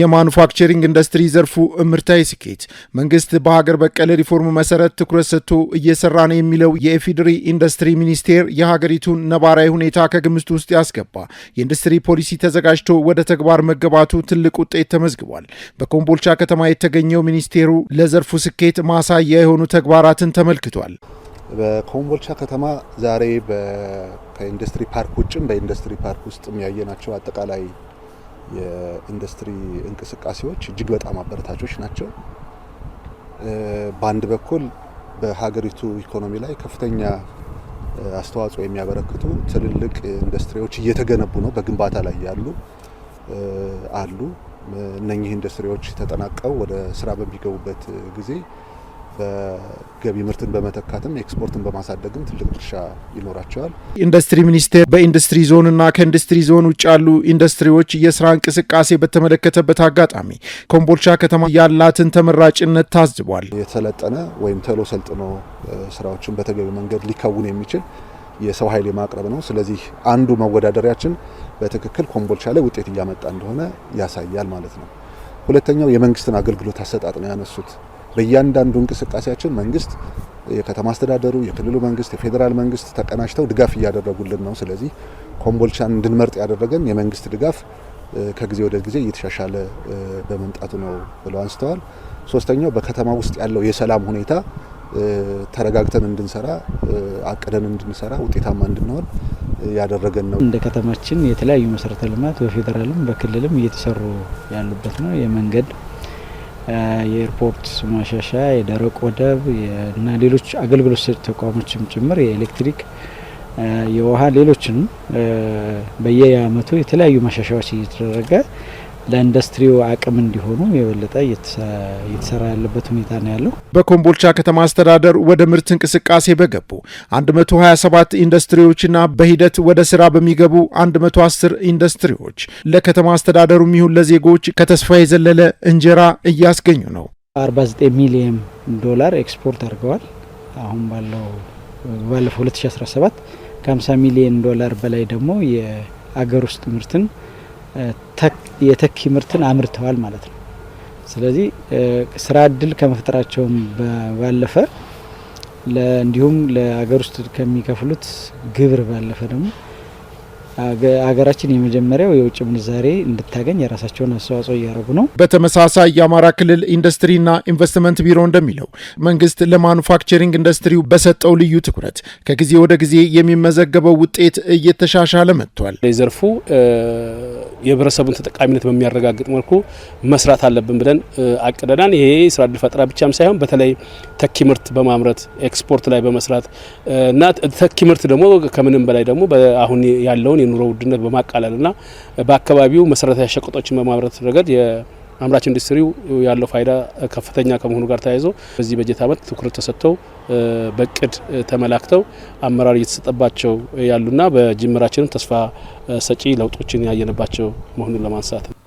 የማኑፋክቸሪንግ ኢንዱስትሪ ዘርፉ እምርታዊ ስኬት መንግስት በሀገር በቀል ሪፎርም መሰረት ትኩረት ሰጥቶ እየሰራ ነው የሚለው የኢፌዴሪ ኢንዱስትሪ ሚኒስቴር የሀገሪቱን ነባራዊ ሁኔታ ከግምት ውስጥ ያስገባ የኢንዱስትሪ ፖሊሲ ተዘጋጅቶ ወደ ተግባር መገባቱ ትልቅ ውጤት ተመዝግቧል። በኮምቦልቻ ከተማ የተገኘው ሚኒስቴሩ ለዘርፉ ስኬት ማሳያ የሆኑ ተግባራትን ተመልክቷል። በኮምቦልቻ ከተማ ዛሬ ከኢንዱስትሪ ፓርክ ውጭም በኢንዱስትሪ ፓርክ ውስጥም ያየናቸው አጠቃላይ የኢንዱስትሪ እንቅስቃሴዎች እጅግ በጣም አበረታቾች ናቸው። በአንድ በኩል በሀገሪቱ ኢኮኖሚ ላይ ከፍተኛ አስተዋጽኦ የሚያበረክቱ ትልልቅ ኢንዱስትሪዎች እየተገነቡ ነው። በግንባታ ላይ ያሉ አሉ። እነኚህ ኢንዱስትሪዎች ተጠናቀው ወደ ስራ በሚገቡበት ጊዜ በገቢ ምርትን በመተካትም ኤክስፖርትን በማሳደግም ትልቅ ድርሻ ይኖራቸዋል። ኢንዱስትሪ ሚኒስቴር በኢንዱስትሪ ዞንና ከኢንዱስትሪ ዞን ውጭ ያሉ ኢንዱስትሪዎች የስራ እንቅስቃሴ በተመለከተበት አጋጣሚ ኮምቦልቻ ከተማ ያላትን ተመራጭነት ታዝቧል። የተለጠነ ወይም ተሎ ሰልጥኖ ስራዎችን በተገቢ መንገድ ሊከውን የሚችል የሰው ኃይል የማቅረብ ነው። ስለዚህ አንዱ መወዳደሪያችን በትክክል ኮምቦልቻ ላይ ውጤት እያመጣ እንደሆነ ያሳያል ማለት ነው። ሁለተኛው የመንግስትን አገልግሎት አሰጣጥ ነው ያነሱት። በእያንዳንዱ እንቅስቃሴያችን መንግስት፣ የከተማ አስተዳደሩ፣ የክልሉ መንግስት፣ የፌዴራል መንግስት ተቀናጅተው ድጋፍ እያደረጉልን ነው። ስለዚህ ኮምቦልቻን እንድንመርጥ ያደረገን የመንግስት ድጋፍ ከጊዜ ወደ ጊዜ እየተሻሻለ በመምጣቱ ነው ብለው አንስተዋል። ሶስተኛው በከተማ ውስጥ ያለው የሰላም ሁኔታ ተረጋግተን እንድንሰራ አቅደን እንድንሰራ ውጤታማ እንድንሆን ያደረገን ነው። እንደ ከተማችን የተለያዩ መሰረተ ልማት በፌዴራልም በክልልም እየተሰሩ ያሉበት ነው የመንገድ የኤርፖርት ማሻሻያ፣ የደረቅ ወደብ እና ሌሎች አገልግሎት ሰጭ ተቋሞችም ጭምር የኤሌክትሪክ፣ የውሃ፣ ሌሎችንም በየአመቱ የተለያዩ ማሻሻያዎች እየተደረገ ለኢንዱስትሪው አቅም እንዲሆኑ የበለጠ እየተሰራ ያለበት ሁኔታ ነው ያለው። በኮምቦልቻ ከተማ አስተዳደር ወደ ምርት እንቅስቃሴ በገቡ 127 ኢንዱስትሪዎችና በሂደት ወደ ስራ በሚገቡ 110 ኢንዱስትሪዎች ለከተማ አስተዳደሩ የሚሆን ለዜጎች ከተስፋ የዘለለ እንጀራ እያስገኙ ነው። 49 ሚሊዮን ዶላር ኤክስፖርት አድርገዋል። አሁን ባለው ባለፈው 2017 ከ50 ሚሊየን ዶላር በላይ ደግሞ የአገር ውስጥ ምርትን የተኪ ምርትን አምርተዋል ማለት ነው። ስለዚህ ስራ እድል ከመፍጠራቸውም ባለፈ እንዲሁም ለሀገር ውስጥ ከሚከፍሉት ግብር ባለፈ ደግሞ ሀገራችን የመጀመሪያው የውጭ ምንዛሬ እንድታገኝ የራሳቸውን አስተዋጽኦ እያደረጉ ነው። በተመሳሳይ የአማራ ክልል ኢንዱስትሪና ኢንቨስትመንት ቢሮ እንደሚለው መንግስት ለማኑፋክቸሪንግ ኢንዱስትሪው በሰጠው ልዩ ትኩረት ከጊዜ ወደ ጊዜ የሚመዘገበው ውጤት እየተሻሻለ መጥቷል። ዘርፉ የህብረተሰቡን ተጠቃሚነት በሚያረጋግጥ መልኩ መስራት አለብን ብለን አቅደናል። ይሄ ስራ እድል ፈጠራ ብቻም ሳይሆን በተለይ ተኪ ምርት በማምረት ኤክስፖርት ላይ በመስራት እና ተኪ ምርት ደግሞ ከምንም በላይ ደግሞ አሁን ያለውን የኑሮ ውድነት በማቃለልና በአካባቢው መሰረታዊ ሸቀጦችን በማምረት ረገድ የአምራች ኢንዱስትሪው ያለው ፋይዳ ከፍተኛ ከመሆኑ ጋር ተያይዞ በዚህ በጀት ዓመት ትኩረት ተሰጥተው በቅድ ተመላክተው አመራር እየተሰጠባቸው ያሉና በጅምራችንም ተስፋ ሰጪ ለውጦችን ያየንባቸው መሆኑን ለማንሳት ነው።